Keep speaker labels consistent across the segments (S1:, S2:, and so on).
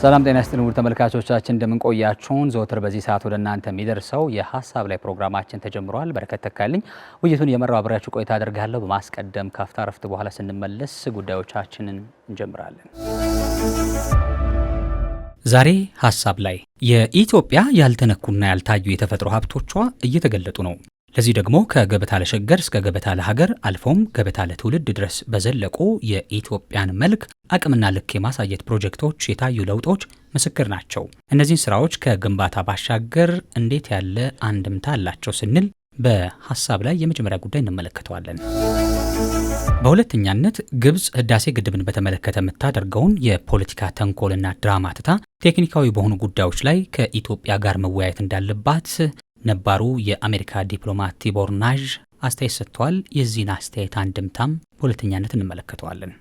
S1: ሰላም ጤና ይስጥልን ውድ ተመልካቾቻችን እንደምንቆያችሁን ዘወትር በዚህ ሰዓት ወደ እናንተ የሚደርሰው የሀሳብ ላይ ፕሮግራማችን ተጀምሯል። በረከት ተካልኝ ውይይቱን የመራው አብሬያችሁ ቆይታ አደርጋለሁ። በማስቀደም ካፍታ ረፍት በኋላ ስንመለስ ጉዳዮቻችንን እንጀምራለን። ዛሬ ሀሳብ ላይ የኢትዮጵያ ያልተነኩና ያልታዩ የተፈጥሮ ሀብቶቿ እየተገለጡ ነው። ለዚህ ደግሞ ከገበታ ለሸገር እስከ ገበታ ለሀገር አልፎም ገበታ ለትውልድ ድረስ በዘለቁ የኢትዮጵያን መልክ አቅምና ልክ የማሳየት ፕሮጀክቶች የታዩ ለውጦች ምስክር ናቸው። እነዚህን ስራዎች ከግንባታ ባሻገር እንዴት ያለ አንድምታ አላቸው ስንል በሀሳብ ላይ የመጀመሪያ ጉዳይ እንመለከተዋለን። በሁለተኛነት ግብፅ ህዳሴ ግድብን በተመለከተ የምታደርገውን የፖለቲካ ተንኮልና ድራማ ትታ ቴክኒካዊ በሆኑ ጉዳዮች ላይ ከኢትዮጵያ ጋር መወያየት እንዳለባት ነባሩ የአሜሪካ ዲፕሎማት ቲቦር ናዥ አስተያየት ሰጥተዋል። የዚህን አስተያየት አንድምታም በሁለተኛነት እንመለከተዋለን።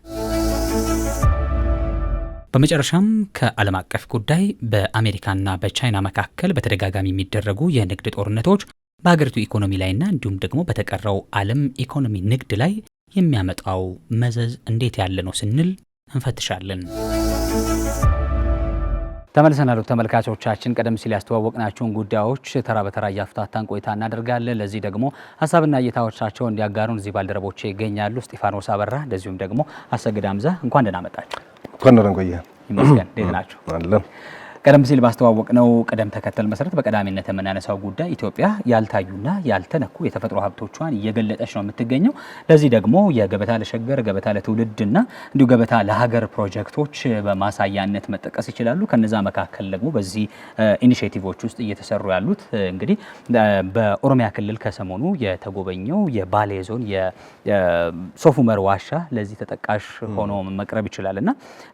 S1: በመጨረሻም ከዓለም አቀፍ ጉዳይ በአሜሪካና በቻይና መካከል በተደጋጋሚ የሚደረጉ የንግድ ጦርነቶች በሀገሪቱ ኢኮኖሚ ላይና እንዲሁም ደግሞ በተቀረው ዓለም ኢኮኖሚ ንግድ ላይ የሚያመጣው መዘዝ እንዴት ያለ ነው ስንል እንፈትሻለን። ተመልሰናል ተመልካቾቻችን። ቀደም ሲል ያስተዋወቅናቸውን ጉዳዮች ተራ በተራ እያፍታታን ቆይታ እናደርጋለን። ለዚህ ደግሞ ሀሳብና እይታዎቻቸውን እንዲያጋሩን እዚህ ባልደረቦቼ ይገኛሉ። እስጢፋኖስ አበራ እንደዚሁም ደግሞ አሰግድ አምዛ እንኳን ደህና መጣችሁ። እንኳን ደህና ቆየ። ይመስገን። እንዴት ናችሁ? ቀደም ሲል ባስተዋወቅነው ቅደም ተከተል መሰረት በቀዳሚነት የምናነሳው ጉዳይ ኢትዮጵያ ያልታዩና ያልተነኩ የተፈጥሮ ሀብቶቿን እየገለጠች ነው የምትገኘው። ለዚህ ደግሞ የገበታ ለሸገር ገበታ ለትውልድና እንዲሁ ገበታ ለሀገር ፕሮጀክቶች በማሳያነት መጠቀስ ይችላሉ። ከነዛ መካከል ደግሞ በዚህ ኢኒሼቲቮች ውስጥ እየተሰሩ ያሉት እንግዲህ በኦሮሚያ ክልል ከሰሞኑ የተጎበኘው የባሌ ዞን የሶፍ ዑመር ዋሻ ለዚህ ተጠቃሽ ሆኖ መቅረብ ይችላል እና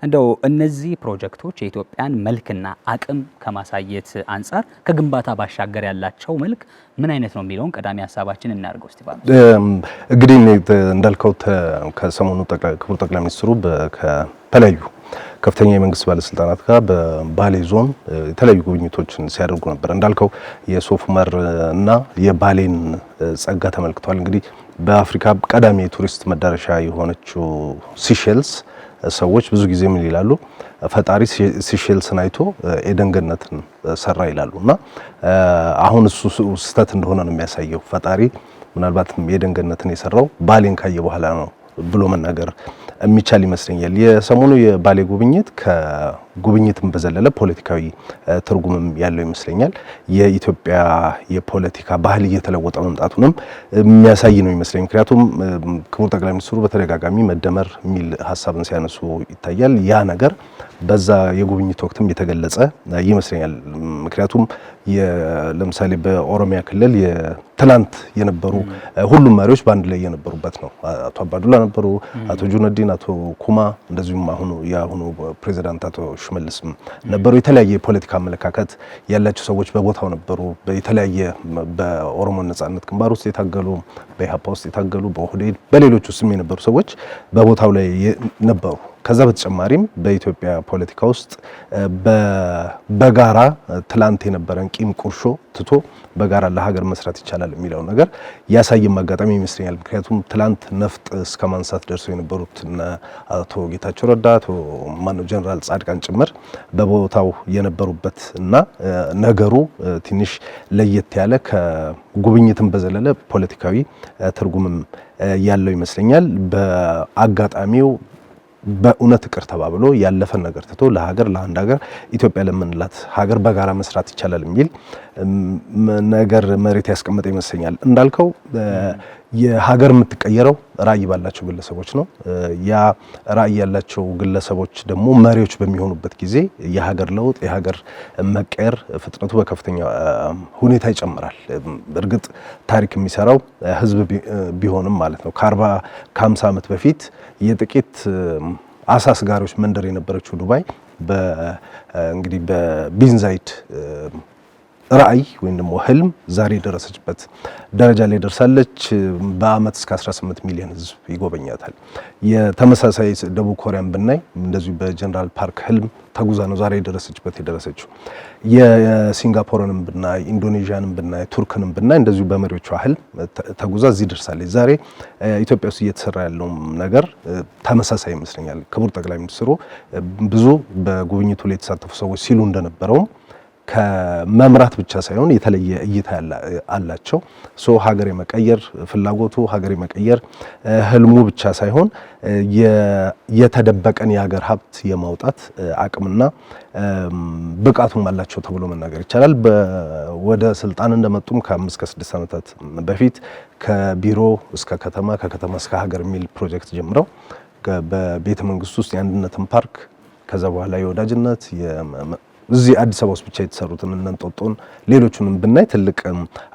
S1: እንደው እነዚህ ፕሮጀክቶች የኢትዮጵያን መልክና አቅም ከማሳየት አንጻር ከግንባታ ባሻገር ያላቸው መልክ ምን አይነት ነው የሚለውን ቀዳሚ ሀሳባችን እናደርገው። ስቲፋን
S2: እንግዲህ እንዳልከው ከሰሞኑ ክቡር ጠቅላይ ሚኒስትሩ ከተለያዩ ከፍተኛ የመንግስት ባለስልጣናት ጋር በባሌ ዞን የተለያዩ ጉብኝቶችን ሲያደርጉ ነበር። እንዳልከው የሶፍመር እና የባሌን ጸጋ ተመልክተዋል። እንግዲህ በአፍሪካ ቀዳሚ የቱሪስት መዳረሻ የሆነችው ሲሼልስ ሰዎች ብዙ ጊዜ ምን ይላሉ? ፈጣሪ ሲሼልስን አይቶ ኤደን ገነትን ሰራ ይላሉ። እና አሁን እሱ ስህተት እንደሆነ ነው የሚያሳየው። ፈጣሪ ምናልባት ኤደን ገነትን የሰራው ባሌን ካየ በኋላ ነው ብሎ መናገር የሚቻል ይመስለኛል። የሰሞኑ የባሌ ጉብኝት ጉብኝትም በዘለለ ፖለቲካዊ ትርጉምም ያለው ይመስለኛል። የኢትዮጵያ የፖለቲካ ባህል እየተለወጠ መምጣቱንም የሚያሳይ ነው ይመስለኝ። ምክንያቱም ክቡር ጠቅላይ ሚኒስትሩ በተደጋጋሚ መደመር የሚል ሀሳብን ሲያነሱ ይታያል። ያ ነገር በዛ የጉብኝት ወቅትም የተገለጸ ይመስለኛል። ምክንያቱም ለምሳሌ በኦሮሚያ ክልል ትናንት የነበሩ ሁሉም መሪዎች በአንድ ላይ የነበሩበት ነው። አቶ አባዱላ ነበሩ፣ አቶ ጁነዲን፣ አቶ ኩማ እንደዚሁም አሁኑ የአሁኑ ፕሬዚዳንት አቶ ሽመልስም ነበሩ። የተለያየ የፖለቲካ አመለካከት ያላቸው ሰዎች በቦታው ነበሩ። የተለያየ በኦሮሞ ነጻነት ግንባር ውስጥ የታገሉ፣ በኢህአፓ ውስጥ የታገሉ፣ በኦህዴድ በሌሎች ውስጥም የነበሩ ሰዎች በቦታው ላይ ነበሩ። ከዛ በተጨማሪም በኢትዮጵያ ፖለቲካ ውስጥ በጋራ ትላንት የነበረን ቂም ቁርሾ ትቶ በጋራ ለሀገር መስራት ይቻላል የሚለው ነገር ያሳየም አጋጣሚ ይመስለኛል። ምክንያቱም ትላንት ነፍጥ እስከ ማንሳት ደርሰው የነበሩት አቶ ጌታቸው ረዳ፣ አቶ ማነው ጀነራል ጻድቃን ጭምር በቦታው የነበሩበት እና ነገሩ ትንሽ ለየት ያለ ከጉብኝትም በዘለለ ፖለቲካዊ ትርጉምም ያለው ይመስለኛል። በአጋጣሚው በእውነት ይቅር ተባብሎ ያለፈን ነገር ትቶ ለሀገር ለአንድ ሀገር ኢትዮጵያ ለምንላት ሀገር በጋራ መስራት ይቻላል የሚል ነገር መሬት ያስቀመጠ ይመስለኛል። እንዳልከው የሀገር የምትቀየረው ራዕይ ባላቸው ግለሰቦች ነው። ያ ራዕይ ያላቸው ግለሰቦች ደግሞ መሪዎች በሚሆኑበት ጊዜ የሀገር ለውጥ የሀገር መቀየር ፍጥነቱ በከፍተኛ ሁኔታ ይጨምራል። እርግጥ ታሪክ የሚሰራው ህዝብ ቢሆንም ማለት ነው። ከአርባ ከሀምሳ ዓመት በፊት የጥቂት አሳ አስጋሪዎች መንደር የነበረችው ዱባይ እንግዲህ በቢንዛይድ ራዕይ ወይም ደግሞ ህልም ዛሬ የደረሰችበት ደረጃ ላይ ደርሳለች። በአመት እስከ 18 ሚሊዮን ህዝብ ይጎበኛታል። የተመሳሳይ ደቡብ ኮሪያን ብናይ እንደዚሁ በጀነራል ፓርክ ህልም ተጉዛ ነው ዛሬ የደረሰችበት የደረሰችው። የሲንጋፖርንም ብናይ ኢንዶኔዥያንም ብናይ ቱርክንም ብናይ እንደዚሁ በመሪዎቿ ህልም ተጉዛ እዚህ ደርሳለች። ዛሬ ኢትዮጵያ ውስጥ እየተሰራ ያለውም ነገር ተመሳሳይ ይመስለኛል። ክቡር ጠቅላይ ሚኒስትሩ ብዙ በጉብኝቱ ላይ የተሳተፉ ሰዎች ሲሉ እንደነበረውም ከመምራት ብቻ ሳይሆን የተለየ እይታ አላቸው። ሶ ሀገር የመቀየር ፍላጎቱ ሀገር የመቀየር ህልሙ ብቻ ሳይሆን የተደበቀን የሀገር ሀብት የማውጣት አቅምና ብቃቱም አላቸው ተብሎ መናገር ይቻላል። ወደ ስልጣን እንደመጡም ከአምስት ከስድስት ዓመታት በፊት ከቢሮ እስከ ከተማ ከከተማ እስከ ሀገር የሚል ፕሮጀክት ጀምረው በቤተ መንግስት ውስጥ የአንድነትን ፓርክ ከዛ በኋላ የወዳጅነት እዚህ አዲስ አበባ ውስጥ ብቻ የተሰሩትን እንንጦጦን ሌሎቹንም ብናይ ትልቅ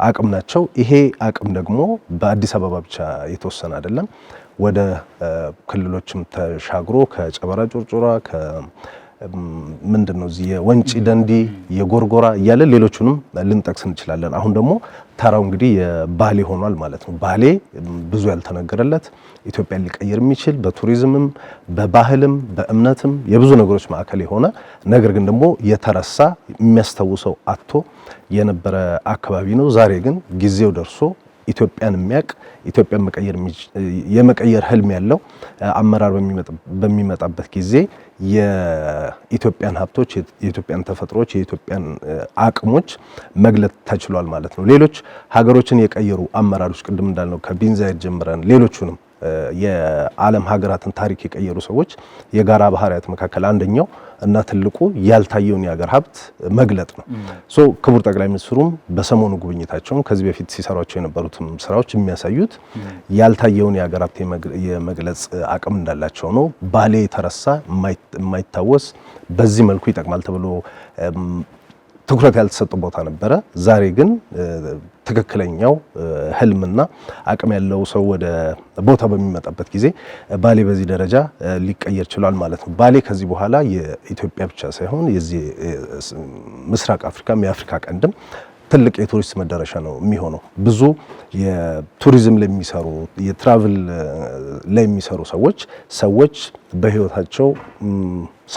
S2: አቅም ናቸው። ይሄ አቅም ደግሞ በአዲስ አበባ ብቻ የተወሰነ አይደለም። ወደ ክልሎችም ተሻግሮ ከጨበራ ጮርጮራ ምንድን ነው እዚህ የወንጪ ደንዲ፣ የጎርጎራ እያለ ሌሎቹንም ልንጠቅስ እንችላለን። አሁን ደግሞ ተራው እንግዲህ የባሌ ሆኗል ማለት ነው። ባሌ ብዙ ያልተነገረለት ኢትዮጵያን ሊቀይር የሚችል በቱሪዝምም በባህልም በእምነትም የብዙ ነገሮች ማዕከል የሆነ ነገር ግን ደግሞ የተረሳ የሚያስታውሰው አቶ የነበረ አካባቢ ነው። ዛሬ ግን ጊዜው ደርሶ ኢትዮጵያን የሚያውቅ ኢትዮጵያን መቀየር የመቀየር ህልም ያለው አመራር በሚመጣበት ጊዜ የኢትዮጵያን ሀብቶች፣ የኢትዮጵያን ተፈጥሮች፣ የኢትዮጵያን አቅሞች መግለጥ ተችሏል ማለት ነው። ሌሎች ሀገሮችን የቀየሩ አመራሮች ቅድም እንዳልነው ከቢንዛይድ ጀምረን ሌሎቹንም የዓለም ሀገራትን ታሪክ የቀየሩ ሰዎች የጋራ ባህሪያት መካከል አንደኛው እና ትልቁ ያልታየውን የሀገር ሀብት መግለጥ ነው። ሶ ክቡር ጠቅላይ ሚኒስትሩም በሰሞኑ ጉብኝታቸውን ከዚህ በፊት ሲሰሯቸው የነበሩትም ስራዎች የሚያሳዩት ያልታየውን የሀገር ሀብት የመግለጽ አቅም እንዳላቸው ነው። ባሌ የተረሳ የማይታወስ በዚህ መልኩ ይጠቅማል ተብሎ ትኩረት ያልተሰጠ ቦታ ነበረ። ዛሬ ግን ትክክለኛው ህልምና አቅም ያለው ሰው ወደ ቦታ በሚመጣበት ጊዜ ባሌ በዚህ ደረጃ ሊቀየር ችሏል ማለት ነው። ባሌ ከዚህ በኋላ የኢትዮጵያ ብቻ ሳይሆን የዚህ ምስራቅ አፍሪካም የአፍሪካ ቀንድም ትልቅ የቱሪስት መዳረሻ ነው የሚሆነው። ብዙ የቱሪዝም ለሚሰሩ የትራቭል ለሚሰሩ ሰዎች ሰዎች በህይወታቸው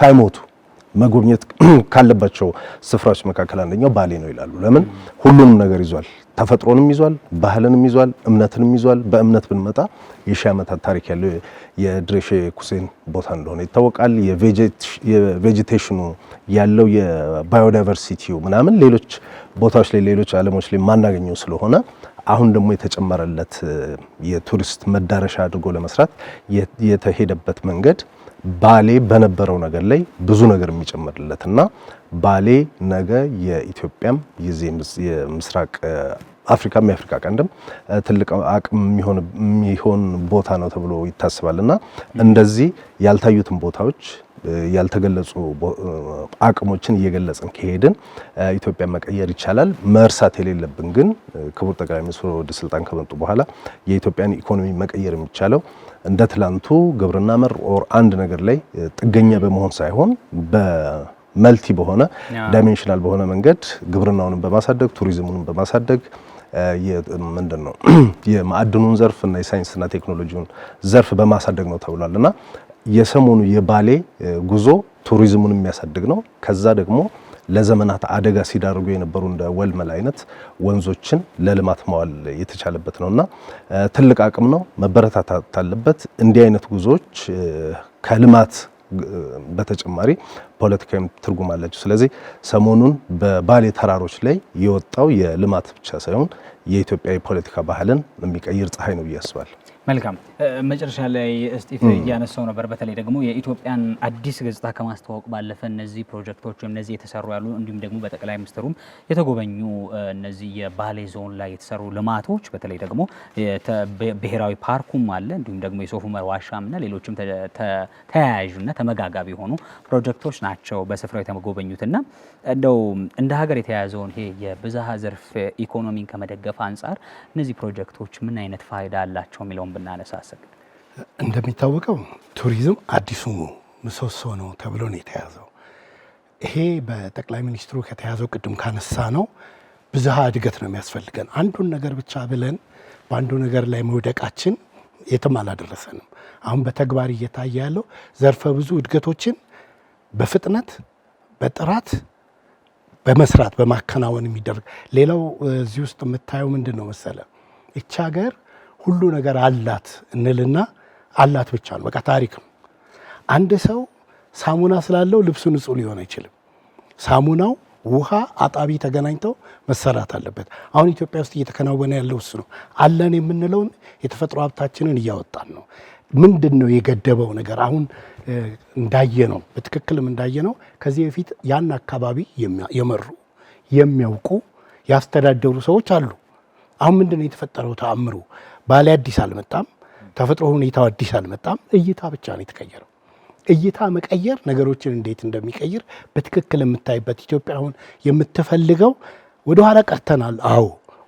S2: ሳይሞቱ መጎብኘት ካለባቸው ስፍራዎች መካከል አንደኛው ባሌ ነው ይላሉ። ለምን ሁሉንም ነገር ይዟል። ተፈጥሮንም ይዟል፣ ባህልንም ይዟል፣ እምነትንም ይዟል። በእምነት ብንመጣ የሺህ ዓመታት ታሪክ ያለው የድሬሼ ኩሴን ቦታ እንደሆነ ይታወቃል። የቬጀቴሽኑ ያለው የባዮዳይቨርሲቲው ምናምን ሌሎች ቦታዎች ላይ ሌሎች ዓለሞች ላይ ማናገኘው ስለሆነ አሁን ደግሞ የተጨመረለት የቱሪስት መዳረሻ አድርጎ ለመስራት የተሄደበት መንገድ ባሌ በነበረው ነገር ላይ ብዙ ነገር የሚጨምርለትና ባሌ ነገ የኢትዮጵያም የምስራቅ አፍሪካም የአፍሪካ ቀንድም ትልቅ አቅም የሚሆን ቦታ ነው ተብሎ ይታሰባል እና እንደዚህ ያልታዩትን ቦታዎች ያልተገለጹ አቅሞችን እየገለጽን ከሄድን ኢትዮጵያን መቀየር ይቻላል። መርሳት የሌለብን ግን ክቡር ጠቅላይ ሚኒስትሩ ወደ ስልጣን ከመጡ በኋላ የኢትዮጵያን ኢኮኖሚ መቀየር የሚቻለው እንደ ትላንቱ ግብርና መር ኦር አንድ ነገር ላይ ጥገኛ በመሆን ሳይሆን በመልቲ በሆነ ዳይሜንሽናል በሆነ መንገድ ግብርናውንም በማሳደግ ቱሪዝሙንም በማሳደግ ምንድን ነው የማዕድኑን ዘርፍ እና የሳይንስና ቴክኖሎጂውን ዘርፍ በማሳደግ ነው ተብሏል እና የሰሞኑ የባሌ ጉዞ ቱሪዝሙን የሚያሳድግ ነው። ከዛ ደግሞ ለዘመናት አደጋ ሲዳርጉ የነበሩ እንደ ወልመል አይነት ወንዞችን ለልማት ማዋል የተቻለበት እና ትልቅ አቅም ነው፣ መበረታታት አለበት። እንዲህ አይነት ጉዞዎች ከልማት በተጨማሪ ፖለቲካዊ ትርጉም አላቸው። ስለዚህ ሰሞኑን በባሌ ተራሮች ላይ የወጣው የልማት ብቻ ሳይሆን የኢትዮጵያ የፖለቲካ ባህልን የሚቀይር ፀሐይ ነው ብዬ አስባለሁ።
S1: መልካም መጨረሻ ላይ እስጢፍ እያነሳው ነበር። በተለይ ደግሞ የኢትዮጵያን አዲስ ገጽታ ከማስተዋወቅ ባለፈ እነዚህ ፕሮጀክቶች ወይም እነዚህ የተሰሩ ያሉ እንዲሁም ደግሞ በጠቅላይ ሚኒስትሩም የተጎበኙ እነዚህ የባሌ ዞን ላይ የተሰሩ ልማቶች በተለይ ደግሞ ብሔራዊ ፓርኩም አለ እንዲሁም ደግሞ የሶፍ ዑመር ዋሻምና ሌሎችም ተያያዥና ተመጋጋቢ የሆኑ ፕሮጀክቶች ናቸው በስፍራው የተጎበኙትና እንደው እንደ ሀገር የተያያዘውን ይሄ የብዝሃ ዘርፍ ኢኮኖሚን ከመደገፍ አንጻር እነዚህ ፕሮጀክቶች ምን አይነት ፋይዳ አላቸው የሚለው የሚለውን ብናነሳ አሰግድ
S2: እንደሚታወቀው ቱሪዝም አዲሱ ምሰሶ ነው ተብሎ ነው የተያዘው። ይሄ በጠቅላይ ሚኒስትሩ ከተያዘው ቅድም ካነሳ ነው ብዝሃ እድገት ነው የሚያስፈልገን። አንዱን ነገር ብቻ ብለን በአንዱ ነገር ላይ መውደቃችን የትም አላደረሰንም። አሁን በተግባር እየታየ ያለው ዘርፈ ብዙ እድገቶችን በፍጥነት በጥራት በመስራት በማከናወን የሚደረግ ሌላው እዚህ ውስጥ የምታየው ምንድን ነው መሰለ ይቺ ሀገር ሁሉ ነገር አላት እንልና አላት ብቻ ነው በቃ ታሪክ ነው። አንድ ሰው ሳሙና ስላለው ልብሱ ንጹህ ሊሆን አይችልም። ሳሙናው ውሃ፣ አጣቢ ተገናኝተው መሰራት አለበት። አሁን ኢትዮጵያ ውስጥ እየተከናወነ ያለው እሱ ነው። አለን የምንለውን የተፈጥሮ ሀብታችንን እያወጣን ነው። ምንድን ነው የገደበው ነገር? አሁን እንዳየ ነው፣ በትክክልም እንዳየ ነው። ከዚህ በፊት ያን አካባቢ የመሩ የሚያውቁ ያስተዳደሩ ሰዎች አሉ። አሁን ምንድን ነው የተፈጠረው ተአምሩ? ባሌ አዲስ አልመጣም፣ ተፈጥሮ ሁኔታው አዲስ አልመጣም። እይታ ብቻ ነው የተቀየረው። እይታ መቀየር ነገሮችን እንዴት እንደሚቀይር በትክክል የምታይበት ኢትዮጵያ አሁን የምትፈልገው ወደ ኋላ ቀርተናል። አዎ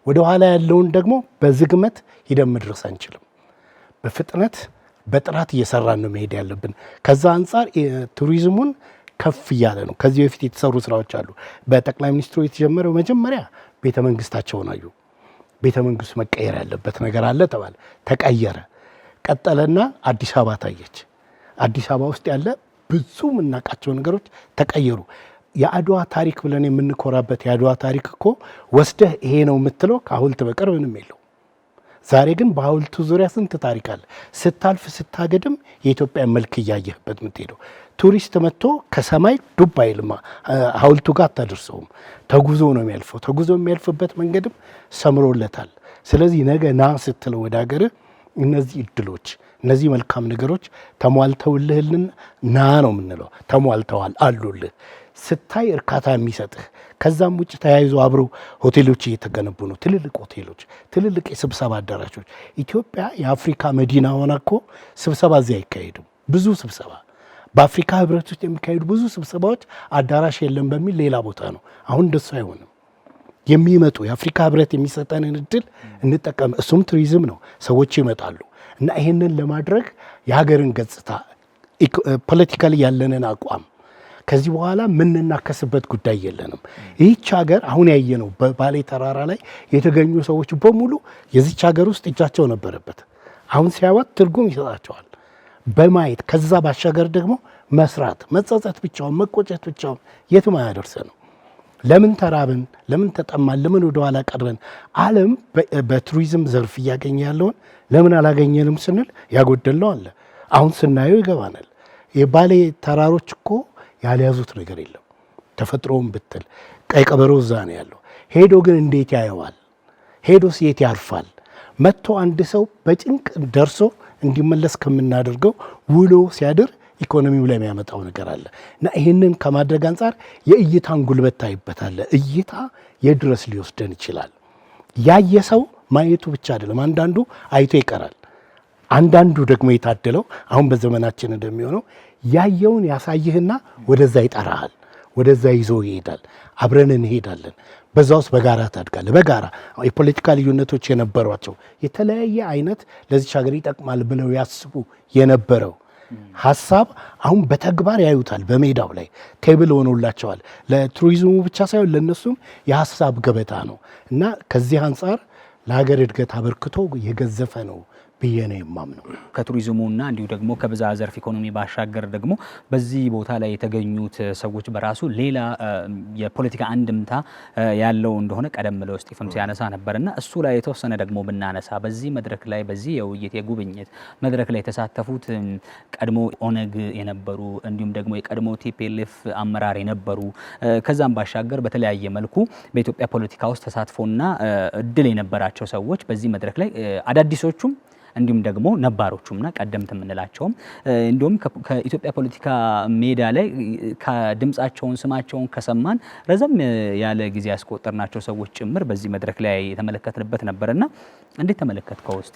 S2: ወደ ኋላ ያለውን ደግሞ በዝግመት ሂደን መድረስ አንችልም። በፍጥነት በጥራት እየሰራን ነው መሄድ ያለብን። ከዛ አንጻር ቱሪዝሙን ከፍ እያለ ነው። ከዚህ በፊት የተሰሩ ስራዎች አሉ። በጠቅላይ ሚኒስትሩ የተጀመረው መጀመሪያ ቤተ መንግስታቸውን አዩ። ቤተ መንግስት መቀየር ያለበት ነገር አለ ተባለ። ተቀየረ። ቀጠለና አዲስ አበባ ታየች። አዲስ አበባ ውስጥ ያለ ብዙ የምናውቃቸው ነገሮች ተቀየሩ። የአድዋ ታሪክ ብለን የምንኮራበት የአድዋ ታሪክ እኮ ወስደህ ይሄ ነው የምትለው ከሐውልት በቀር ምንም የለው። ዛሬ ግን በሐውልቱ ዙሪያ ስንት ታሪክ አለ። ስታልፍ ስታገድም የኢትዮጵያ መልክ እያየህበት የምትሄደው ቱሪስት መጥቶ ከሰማይ ዱብ አይልማ ሐውልቱ ጋር አታደርሰውም። ተጉዞ ነው የሚያልፈው። ተጉዞ የሚያልፍበት መንገድም ሰምሮለታል። ስለዚህ ነገ ና ስትለው ወደ ሀገርህ እነዚህ እድሎች እነዚህ መልካም ነገሮች ተሟልተውልህልን ና ነው የምንለው። ተሟልተዋል አሉልህ። ስታይ እርካታ የሚሰጥህ ከዛም ውጭ ተያይዞ አብረው ሆቴሎች እየተገነቡ ነው። ትልልቅ ሆቴሎች፣ ትልልቅ የስብሰባ አዳራሾች። ኢትዮጵያ የአፍሪካ መዲና ሆና እኮ ስብሰባ እዚህ አይካሄድም። ብዙ ስብሰባ በአፍሪካ ህብረት ውስጥ የሚካሄዱ ብዙ ስብሰባዎች አዳራሽ የለም በሚል ሌላ ቦታ ነው። አሁን እንደሱ አይሆንም። የሚመጡ የአፍሪካ ህብረት የሚሰጠንን እድል እንጠቀም። እሱም ቱሪዝም ነው። ሰዎች ይመጣሉ እና ይህንን ለማድረግ የሀገርን ገጽታ ፖለቲካሊ ያለንን አቋም ከዚህ በኋላ የምንናከስበት ጉዳይ የለንም። ይህች ሀገር አሁን ያየነው በባሌ ተራራ ላይ የተገኙ ሰዎች በሙሉ የዚች ሀገር ውስጥ እጃቸው ነበረበት። አሁን ሲያዋት ትርጉም ይሰጣቸዋል በማየት ከዛ ባሻገር ደግሞ መስራት፣ መጸጸት ብቻውን መቆጨት ብቻውን የትም አያደርሰ ነው። ለምን ተራብን? ለምን ተጠማን? ለምን ወደኋላ ኋላ ቀረን? ዓለም በቱሪዝም ዘርፍ እያገኘ ያለውን ለምን አላገኘንም ስንል ያጎደለው አለ። አሁን ስናየው ይገባናል። የባሌ ተራሮች እኮ ያልያዙት ነገር የለም። ተፈጥሮውን ብትል ቀይ ቀበሮ እዛ ነው ያለው። ሄዶ ግን እንዴት ያየዋል? ሄዶስ የት ያርፋል? መጥቶ አንድ ሰው በጭንቅ ደርሶ እንዲመለስ ከምናደርገው ውሎ ሲያድር ኢኮኖሚው ላይ የሚያመጣው ነገር አለ እና ይህንን ከማድረግ አንጻር የእይታን ጉልበት ታይበታለ። እይታ የድረስ ሊወስደን ይችላል። ያየ ሰው ማየቱ ብቻ አይደለም፣ አንዳንዱ አይቶ ይቀራል። አንዳንዱ ደግሞ የታደለው አሁን በዘመናችን እንደሚሆነው ያየውን ያሳይህና ወደዛ ይጠራሃል፣ ወደዛ ይዞ ይሄዳል። አብረን እንሄዳለን። በዛ ውስጥ በጋራ ታድጋለህ። በጋራ የፖለቲካ ልዩነቶች የነበሯቸው የተለያየ አይነት ለዚች ሀገር ይጠቅማል ብለው ያስቡ የነበረው ሀሳብ አሁን በተግባር ያዩታል። በሜዳው ላይ ቴብል ሆኖላቸዋል። ለቱሪዝሙ ብቻ ሳይሆን ለእነሱም የሀሳብ ገበታ ነው እና ከዚህ አንጻር ለሀገር እድገት አበርክቶ የገዘፈ ነው። ብዬ ነው የማምነው።
S1: ከቱሪዝሙና እንዲሁ ደግሞ ከብዝሃ ዘርፍ ኢኮኖሚ ባሻገር ደግሞ በዚህ ቦታ ላይ የተገኙት ሰዎች በራሱ ሌላ የፖለቲካ አንድምታ ያለው እንደሆነ ቀደም ብለው ስጢፍም ሲያነሳ ነበር እና እሱ ላይ የተወሰነ ደግሞ ብናነሳ በዚህ መድረክ ላይ በዚህ የውይይት የጉብኝት መድረክ ላይ የተሳተፉት ቀድሞ ኦነግ የነበሩ እንዲሁም ደግሞ የቀድሞ ቲፒኤልኤፍ አመራር የነበሩ ከዛም ባሻገር በተለያየ መልኩ በኢትዮጵያ ፖለቲካ ውስጥ ተሳትፎና እድል የነበራቸው ሰዎች በዚህ መድረክ ላይ አዳዲሶቹም እንዲሁም ደግሞ ነባሮቹምና ቀደምት የምንላቸውም እንዲሁም ከኢትዮጵያ ፖለቲካ ሜዳ ላይ ከድምፃቸውን ስማቸውን ከሰማን ረዘም ያለ ጊዜ ያስቆጠርናቸው ሰዎች ጭምር በዚህ መድረክ ላይ የተመለከትንበት ነበርና እንዴት ተመለከትከው? ውስጥ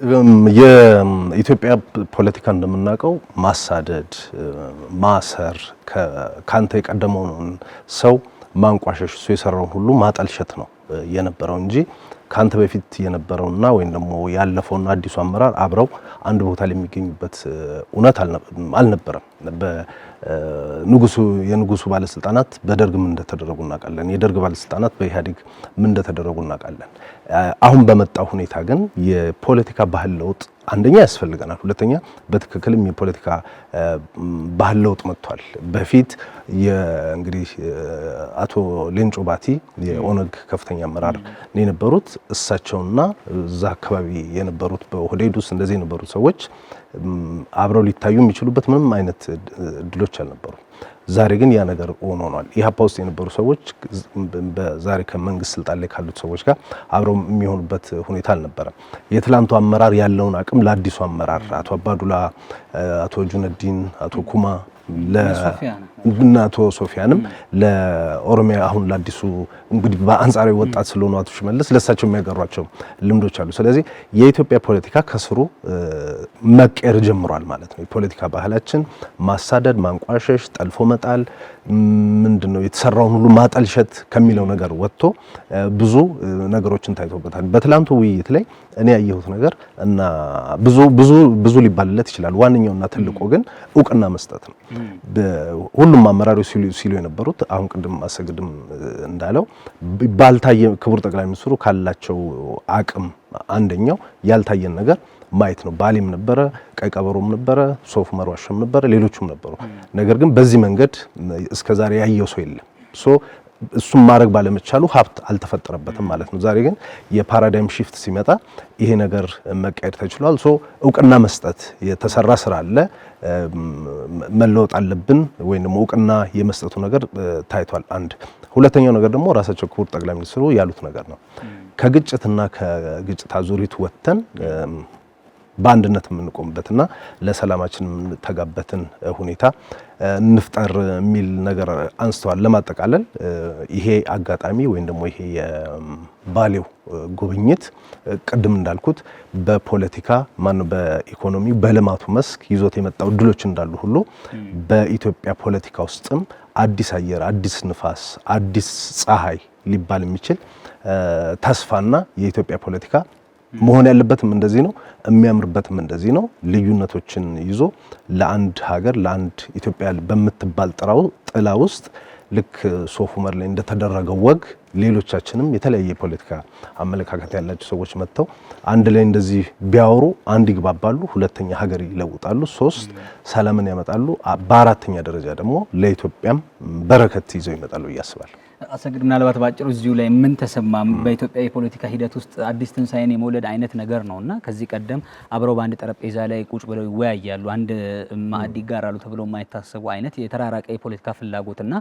S2: የኢትዮጵያ ፖለቲካ እንደምናውቀው ማሳደድ፣ ማሰር፣ ከአንተ የቀደመውን ሰው ማንቋሸሽ፣ እሱ የሰራውን ሁሉ ማጠልሸት ነው የነበረው እንጂ ከአንተ በፊት የነበረውና ወይም ደግሞ ያለፈውና አዲሱ አመራር አብረው አንድ ቦታ ላይ የሚገኙበት እውነት አልነበረም። ንጉሱ የንጉሱ ባለስልጣናት በደርግ ምን እንደተደረጉ እናውቃለን። የደርግ ባለስልጣናት በኢህአዴግ ምን እንደተደረጉ እናውቃለን። አሁን በመጣው ሁኔታ ግን የፖለቲካ ባህል ለውጥ አንደኛ ያስፈልገናል፣ ሁለተኛ በትክክልም የፖለቲካ ባህል ለውጥ መጥቷል። በፊት እንግዲህ አቶ ሌንጮ ባቲ የኦነግ ከፍተኛ አመራር የነበሩት እሳቸውና እዛ አካባቢ የነበሩት በሆዴድ ውስጥ እንደዚህ የነበሩት ሰዎች አብረው ሊታዩ የሚችሉበት ምንም አይነት እድሎች አልነበሩ። ዛሬ ግን ያ ነገር ሆኗል። ኢህአፓ ውስጥ የነበሩ ሰዎች ዛሬ ከመንግስት ስልጣን ላይ ካሉት ሰዎች ጋር አብረው የሚሆኑበት ሁኔታ አልነበረም። የትላንቱ አመራር ያለውን አቅም ለአዲሱ አመራር አቶ አባዱላ፣ አቶ ጁነዲን፣ አቶ ኩማ ለእናቶ ሶፊያንም ለኦሮሚያ አሁን ለአዲሱ እንግዲህ በአንጻራዊ ወጣት ስለሆኑ አቶ ሽመልስ ለእሳቸው የሚያገሯቸው ልምዶች አሉ። ስለዚህ የኢትዮጵያ ፖለቲካ ከስሩ መቀየር ጀምሯል ማለት ነው። የፖለቲካ ባህላችን ማሳደድ፣ ማንቋሸሽ፣ ጠልፎ መጣል ምንድን ነው የተሰራውን ሁሉ ማጠልሸት ከሚለው ነገር ወጥቶ ብዙ ነገሮችን ታይቶበታል። በትላንቱ ውይይት ላይ እኔ ያየሁት ነገር እና ብዙ ብዙ ብዙ ሊባልለት ይችላል። ዋነኛውና ትልቁ ግን እውቅና መስጠት ነው። ሁሉም አመራሮች ሲሉ የነበሩት አሁን ቅድም አሰግድም እንዳለው ባልታየ ክቡር ጠቅላይ ሚኒስትሩ ካላቸው አቅም አንደኛው ያልታየን ነገር ማየት ነው። ባሌም ነበረ፣ ቀይ ቀበሮም ነበረ፣ ሶፍ መርዋሽም ነበረ፣ ሌሎቹም ነበሩ። ነገር ግን በዚህ መንገድ እስከዛሬ ያየው ሰው የለም። ሶ እሱም ማድረግ ባለመቻሉ ሀብት አልተፈጠረበትም ማለት ነው። ዛሬ ግን የፓራዳይም ሺፍት ሲመጣ ይሄ ነገር መቃየር ተችሏል። ሶ እውቅና መስጠት የተሰራ ስራ አለ፣ መለወጥ አለብን ወይም ደግሞ እውቅና የመስጠቱ ነገር ታይቷል። አንድ ሁለተኛው ነገር ደግሞ ራሳቸው ክቡር ጠቅላይ ሚኒስትሩ ያሉት ነገር ነው። ከግጭትና ከግጭት አዙሪት ወጥተን በአንድነት የምንቆምበትና ለሰላማችን የምንተጋበትን ሁኔታ እንፍጠር የሚል ነገር አንስተዋል። ለማጠቃለል ይሄ አጋጣሚ ወይም ደግሞ ይሄ የባሌው ጉብኝት ቅድም እንዳልኩት በፖለቲካ ማነው በኢኮኖሚ በልማቱ መስክ ይዞት የመጣው እድሎች እንዳሉ ሁሉ በኢትዮጵያ ፖለቲካ ውስጥም አዲስ አየር፣ አዲስ ንፋስ፣ አዲስ ፀሐይ ሊባል የሚችል ተስፋና የኢትዮጵያ ፖለቲካ መሆን ያለበትም እንደዚህ ነው፣ የሚያምርበትም እንደዚህ ነው። ልዩነቶችን ይዞ ለአንድ ሀገር ለአንድ ኢትዮጵያ በምትባል ጥላ ውስጥ ልክ ሶፍ ዑመር ላይ እንደተደረገው ወግ ሌሎቻችንም የተለያየ የፖለቲካ አመለካከት ያላቸው ሰዎች መጥተው አንድ ላይ እንደዚህ ቢያወሩ አንድ ይግባባሉ፣ ሁለተኛ ሀገር ይለውጣሉ፣ ሶስት ሰላምን ያመጣሉ፣ በአራተኛ ደረጃ ደግሞ ለኢትዮጵያም በረከት ይዘው ይመጣሉ እያስባል
S1: አሰግድ ምናልባት በአጭሩ እዚሁ ላይ ምን ተሰማ? በኢትዮጵያ የፖለቲካ ሂደት ውስጥ አዲስ ትንሳኤን የመውለድ አይነት ነገር ነው እና ከዚህ ቀደም አብረው በአንድ ጠረጴዛ ላይ ቁጭ ብለው ይወያያሉ፣ አንድ ማዕድ ይጋራሉ ተብሎ የማይታሰቡ አይነት የተራራቀ የፖለቲካ ፍላጎትና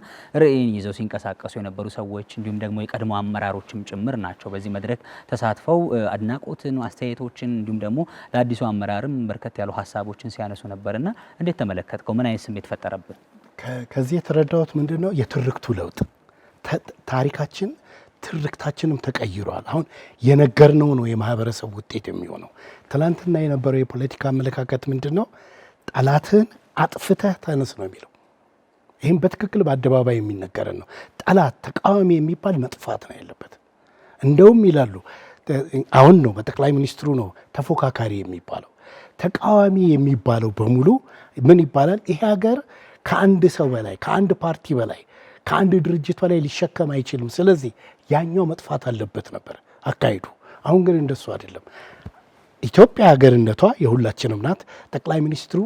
S1: ርዕይን ይዘው ሲንቀሳቀሱ የነበሩ ሰዎች እንዲሁም ደግሞ የቀድሞ አመራሮችም ጭምር ናቸው። በዚህ መድረክ ተሳትፈው አድናቆትን፣ አስተያየቶችን እንዲሁም ደግሞ ለአዲሱ አመራርም በርከት ያሉ ሀሳቦችን ሲያነሱ ነበርና እንዴት ተመለከትከው? ምን አይነት ስሜት ፈጠረብን?
S2: ከዚህ የተረዳሁት ምንድን ነው የትርክቱ ለውጥ ታሪካችን ትርክታችንም ተቀይሯል። አሁን የነገርነው ነው የማህበረሰብ ውጤት የሚሆነው። ትናንትና የነበረው የፖለቲካ አመለካከት ምንድን ነው? ጠላትህን አጥፍተህ ተነስ ነው የሚለው። ይህም በትክክል በአደባባይ የሚነገረን ነው። ጠላት ተቃዋሚ የሚባል መጥፋት ነው ያለበት። እንደውም ይላሉ አሁን ነው በጠቅላይ ሚኒስትሩ ነው ተፎካካሪ የሚባለው። ተቃዋሚ የሚባለው በሙሉ ምን ይባላል? ይሄ ሀገር ከአንድ ሰው በላይ ከአንድ ፓርቲ በላይ ከአንድ ድርጅት በላይ ሊሸከም አይችልም። ስለዚህ ያኛው መጥፋት አለበት ነበር አካሄዱ። አሁን ግን እንደሱ አይደለም። ኢትዮጵያ ሀገርነቷ የሁላችንም ናት። ጠቅላይ ሚኒስትሩ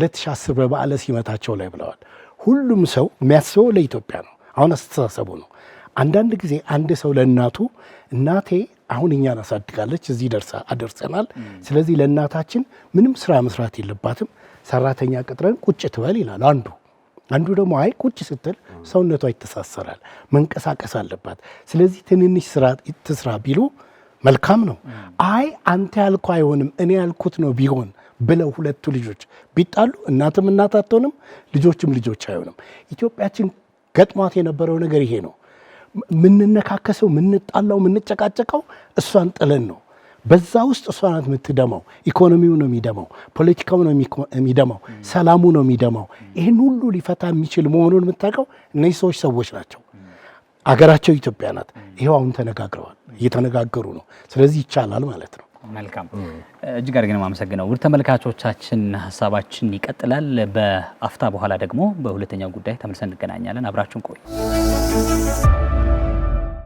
S2: 2010 በበዓለ ሲመታቸው ላይ ብለዋል። ሁሉም ሰው የሚያስበው ለኢትዮጵያ ነው። አሁን አስተሳሰቡ ነው። አንዳንድ ጊዜ አንድ ሰው ለእናቱ እናቴ አሁን እኛን አሳድጋለች፣ እዚህ ደርሳ አደርሰናል። ስለዚህ ለእናታችን ምንም ስራ መስራት የለባትም፣ ሰራተኛ ቅጥረን ቁጭ ትበል ይላል አንዱ አንዱ ደግሞ አይ ቁጭ ስትል ሰውነቷ ይተሳሰራል፣ መንቀሳቀስ አለባት፣ ስለዚህ ትንንሽ ስራ ትስራ ቢሉ መልካም ነው። አይ አንተ ያልኩ አይሆንም እኔ ያልኩት ነው ቢሆን ብለው ሁለቱ ልጆች ቢጣሉ እናትም እናት አትሆንም፣ ልጆችም ልጆች አይሆንም። ኢትዮጵያችን ገጥሟት የነበረው ነገር ይሄ ነው። ምንነካከሰው፣ ምንጣላው፣ ምንጨቃጨቀው እሷን ጥለን ነው። በዛ ውስጥ እሷ ናት የምትደማው። ኢኮኖሚው ነው የሚደማው፣ ፖለቲካው ነው የሚደማው፣ ሰላሙ ነው የሚደማው። ይህን ሁሉ ሊፈታ የሚችል መሆኑን የምታውቀው እነዚህ ሰዎች ሰዎች ናቸው። አገራቸው ኢትዮጵያ ናት። ይሄው አሁን ተነጋግረዋል፣ እየተነጋገሩ ነው። ስለዚህ ይቻላል ማለት ነው።
S1: መልካም እጅግ አድርገን የማመሰግነው ውድ ተመልካቾቻችን፣ ሀሳባችን ይቀጥላል። በአፍታ በኋላ ደግሞ በሁለተኛው ጉዳይ ተመልሰን እንገናኛለን። አብራችሁን ቆዩ።